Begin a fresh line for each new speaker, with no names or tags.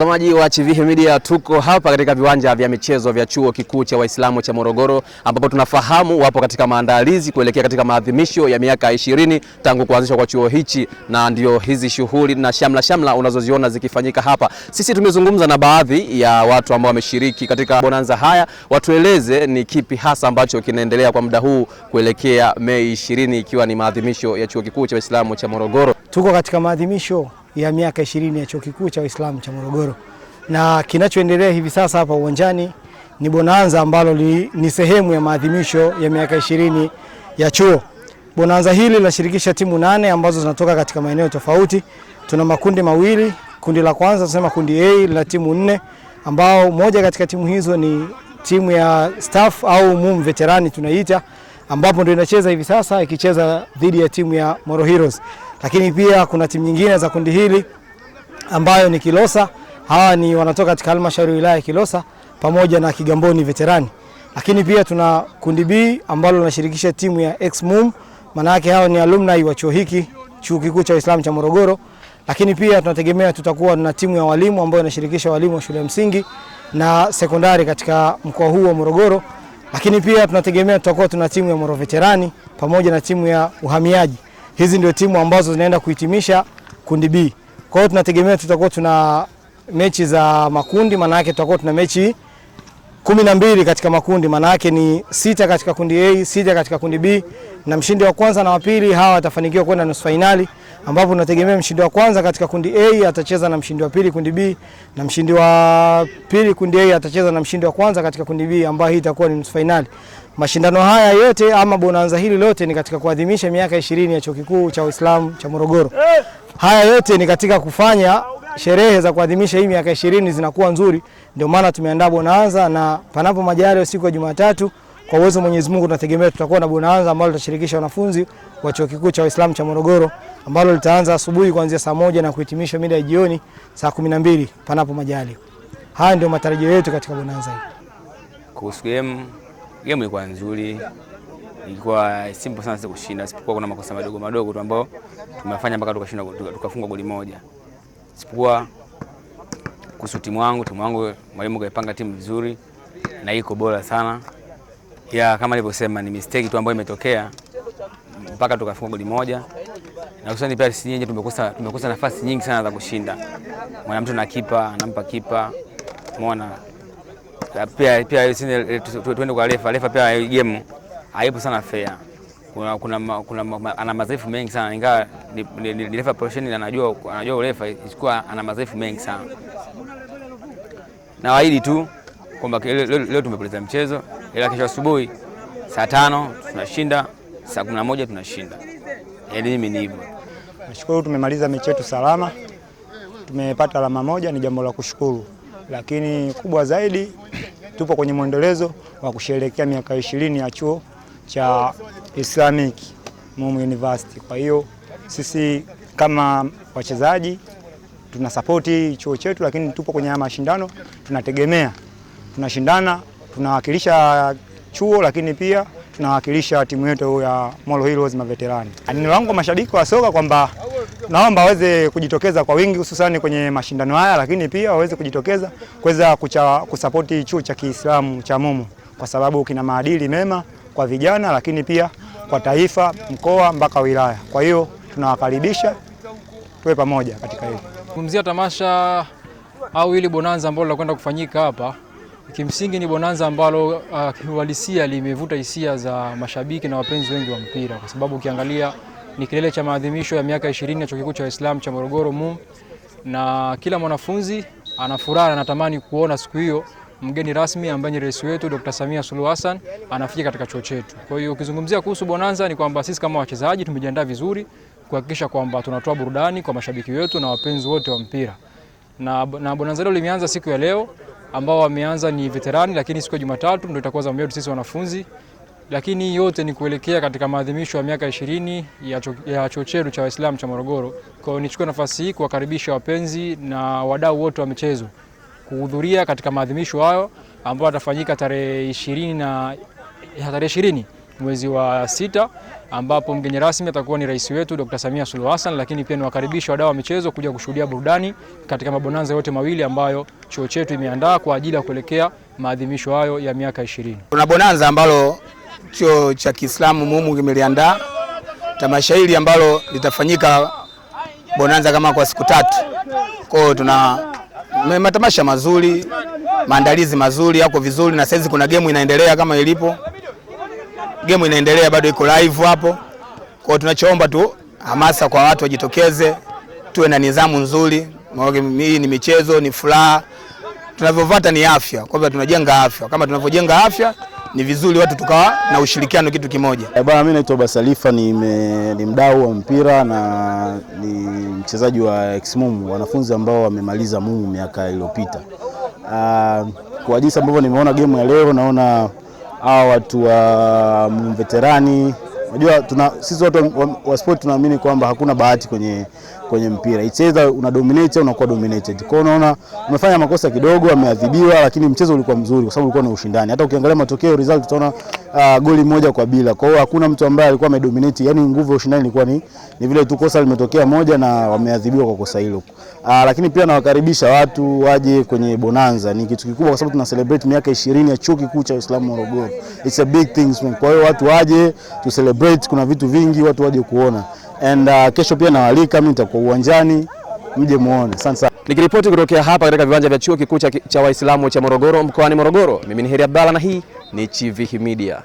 Watazamaji wa Chivihi Media tuko hapa katika viwanja vya michezo vya Chuo Kikuu cha Waislamu cha Morogoro ambapo tunafahamu wapo katika maandalizi kuelekea katika maadhimisho ya miaka ishirini tangu kuanzishwa kwa chuo hichi, na ndio hizi shughuli na shamla shamla unazoziona zikifanyika hapa. Sisi tumezungumza na baadhi ya watu ambao wameshiriki katika bonanza haya, watueleze ni kipi hasa ambacho kinaendelea kwa muda huu kuelekea Mei ishirini, ikiwa ni maadhimisho ya Chuo Kikuu cha Waislamu cha Morogoro. Tuko katika maadhimisho ya miaka ishirini ya Chuo Kikuu cha Uislamu cha Morogoro, na kinachoendelea hivi sasa hapa uwanjani ni bonanza ambalo li, ni sehemu ya maadhimisho ya miaka ishirini ya chuo. Bonanza hili linashirikisha timu nane ambazo zinatoka katika maeneo tofauti. Tuna makundi mawili. Kundi la kwanza tunasema kundi A lina timu nne, ambao moja katika timu hizo ni timu ya staff au MUM veterani tunaita, ambapo ndio inacheza hivi sasa ikicheza dhidi ya timu ya Moro Heroes lakini pia kuna timu nyingine za kundi hili ambayo ni Kilosa. Hawa ni wanatoka katika halmashauri wilaya ya Kilosa pamoja na Kigamboni Veterani, lakini pia tuna kundi B ambalo linashirikisha timu ya Exmum, maana yake hao ni alumni wa chuo hiki, chuo kikuu cha Uislamu cha Morogoro. Lakini pia tunategemea tutakuwa na timu ya walimu ambayo inashirikisha walimu wa shule ya msingi na sekondari katika mkoa huu wa Morogoro. Lakini pia tunategemea tutakuwa tuna timu ya Moro Veterani pamoja na timu ya uhamiaji hizi ndio timu ambazo zinaenda kuhitimisha kundi B. Kwa hiyo tunategemea tutakuwa tuna mechi za makundi, maana yake tutakuwa tuna mechi kumi na mbili katika makundi, maana yake ni sita katika kundi A, sita katika kundi B, na mshindi wa kwanza na wa pili hawa watafanikiwa kwenda nusu fainali, ambapo tunategemea mshindi wa kwanza katika kundi A atacheza na mshindi wa pili kundi B, na mshindi wa pili kundi A atacheza na mshindi wa kwanza katika kundi B, ambayo hii itakuwa ni nusu fainali. Mashindano haya yote ama bonanza hili lote ni katika kuadhimisha miaka ishirini ya Chuo Kikuu cha Uislamu cha Morogoro. Haya yote ni katika kufanya sherehe za kuadhimisha hii miaka ishirini zinakuwa nzuri, ndio maana tumeandaa bonanza, na panapo majaliwa siku ya Jumatatu kwa uwezo wa Mwenyezi Mungu tunategemea tutakuwa na bonanza ambalo litashirikisha wanafunzi wa Chuo Kikuu cha Waislamu cha Morogoro ambalo litaanza asubuhi kuanzia saa moja na kuhitimisha mida ya jioni saa kumi na mbili panapo majaliwa. Haya ndio matarajio yetu katika bonanza hii.
Kuhusu game, game ilikuwa nzuri, ilikuwa simple sana kushinda, sipokuwa kuna makosa madogo madogo tu ambayo tumefanya mpaka tukashinda tukafunga goli moja sipua kuhusu timu wangu timu wangu mwalimu kaipanga timu vizuri na iko bora sana ya kama nilivyosema, ni mistake tu ambayo imetokea mpaka tukafunga goli moja, na hususani pia sisi nyenye tumekosa tumekosa nafasi nyingi sana za kushinda. Mwanamtu na kipa anampa kipa, umeona pia pia, tuende kwa refa refa, pia game haipo sana fair kuna, kuna, kuna, ana madhaifu mengi sana ingawa ni, ni, ni, refa professional anajua, anajua urefa isikuwa ana madhaifu mengi sana. na waidi tu kwamba leo, leo tumepoteza mchezo, ila kesho asubuhi saa tano tunashinda, saa kumi na moja tunashinda. Yaani mimi ni hivyo.
Nashukuru tumemaliza mechi yetu salama, tumepata alama moja, ni jambo la kushukuru, lakini kubwa zaidi tupo kwenye mwendelezo wa kusherehekea miaka ishirini ya chuo cha Islamic Mumu University. Kwa hiyo sisi kama wachezaji tuna sapoti chuo chetu, lakini tupo kwenye mashindano, tunategemea tunashindana, tunawakilisha chuo, lakini pia tunawakilisha timu yetu ya Molo Heroes maveterani. Neno langu mashabiki wa soka kwamba naomba waweze kujitokeza kwa wingi hususani kwenye mashindano haya, lakini pia waweze kujitokeza kuweza kusapoti chuo cha Kiislamu cha Mumu kwa sababu kina maadili mema kwa vijana, lakini pia kwa taifa, mkoa mpaka wilaya. Kwa hiyo tunawakaribisha tuwe pamoja katika hili
kumzia tamasha au hili bonanza ambalo linakwenda kufanyika hapa. Kimsingi ni bonanza ambalo uh, kiuhalisia uh, limevuta hisia za mashabiki na wapenzi wengi wa mpira, kwa sababu ukiangalia ni kilele cha maadhimisho ya miaka 20 ya chuo kikuu cha Waislamu cha Morogoro MUM, na kila mwanafunzi anafuraha na anatamani kuona siku hiyo mgeni rasmi ambaye ni rais wetu Dr. Samia Suluhu Hassan anafika katika chuo chetu. Kwa hiyo ukizungumzia kuhusu bonanza, ni kwamba sisi kama wachezaji tumejiandaa vizuri kuhakikisha kwamba tunatoa burudani kwa mashabiki wetu na wapenzi wote wa mpira na, na bonanza leo limeanza siku ya leo ambao wameanza ni veterani, lakini siku ya Jumatatu ndio itakuwa zamu yetu sisi wanafunzi, lakini yote ni kuelekea katika maadhimisho ya miaka 20 ya chuo chetu cha Waislamu cha Morogoro. Kwa hiyo nichukue nafasi hii kuwakaribisha wapenzi na wadau wote wa michezo kuhudhuria katika maadhimisho hayo ambayo yatafanyika tarehe ishirini na tarehe ishirini mwezi wa sita ambapo mgeni rasmi atakuwa ni rais wetu Dr. Samia Suluhu Hassan, lakini pia ni wakaribisha wadau wa michezo kuja kushuhudia burudani katika mabonanza yote mawili ambayo chuo chetu imeandaa kwa ajili ya kuelekea maadhimisho hayo ya miaka ishirini.
Kuna bonanza ambalo chuo cha Kiislamu mumu kimeliandaa tamasha hili ambalo litafanyika bonanza kama kwa siku tatu. Kwa hiyo tuna matamasha mazuri, maandalizi mazuri, yako vizuri, na saizi kuna gemu inaendelea kama ilipo gemu inaendelea, bado iko live hapo. Kwa tunachoomba tu hamasa kwa watu wajitokeze, tuwe na nidhamu nzuri. Hii ni michezo, ni furaha, tunavyovata ni afya. Kwa hivyo tunajenga afya, kama tunavyojenga afya ni vizuri watu tukawa na ushirikiano kitu kimoja.
Eh, bwana, mimi naitwa Basalifa ni, ni mdau wa mpira na ni mchezaji wa Exmumu, wanafunzi ambao wamemaliza mumu miaka iliyopita. Ah, kwa jinsi ambavyo nimeona game ya leo, naona hawa watu wa mumu veterani Unajua, tuna sisi watu wa, wa sport tunaamini kwamba hakuna bahati kwenye kwenye mpira. Icheza una dominate, unakuwa dominated. Kwa unaona umefanya makosa kidogo, ameadhibiwa, lakini mchezo ulikuwa mzuri kwa sababu ulikuwa na ushindani. Hata ukiangalia matokeo result utaona uh, goli moja kwa bila. Kwa hiyo hakuna mtu ambaye alikuwa amedominate, yani nguvu ya ushindani ilikuwa ni, ni vile tu kosa limetokea moja na wameadhibiwa kwa kosa hilo. Uh, lakini pia nawakaribisha watu waje kwenye Bonanza. Ni kitu kikubwa kwa sababu tuna celebrate miaka 20 ya Chuo Kikuu cha Uislamu Morogoro. It's a big thing. Kwa hiyo watu waje tu celebrate, kuna vitu vingi watu waje kuona and uh, kesho pia nawaalika mimi nitakuwa uwanjani mje muone. Asante sana. Nikiripoti kutokea hapa katika viwanja vya chuo kikuu cha Waislamu cha Morogoro mkoani Morogoro, mimi ni Heri Abdalla na hii ni Chivihi Media.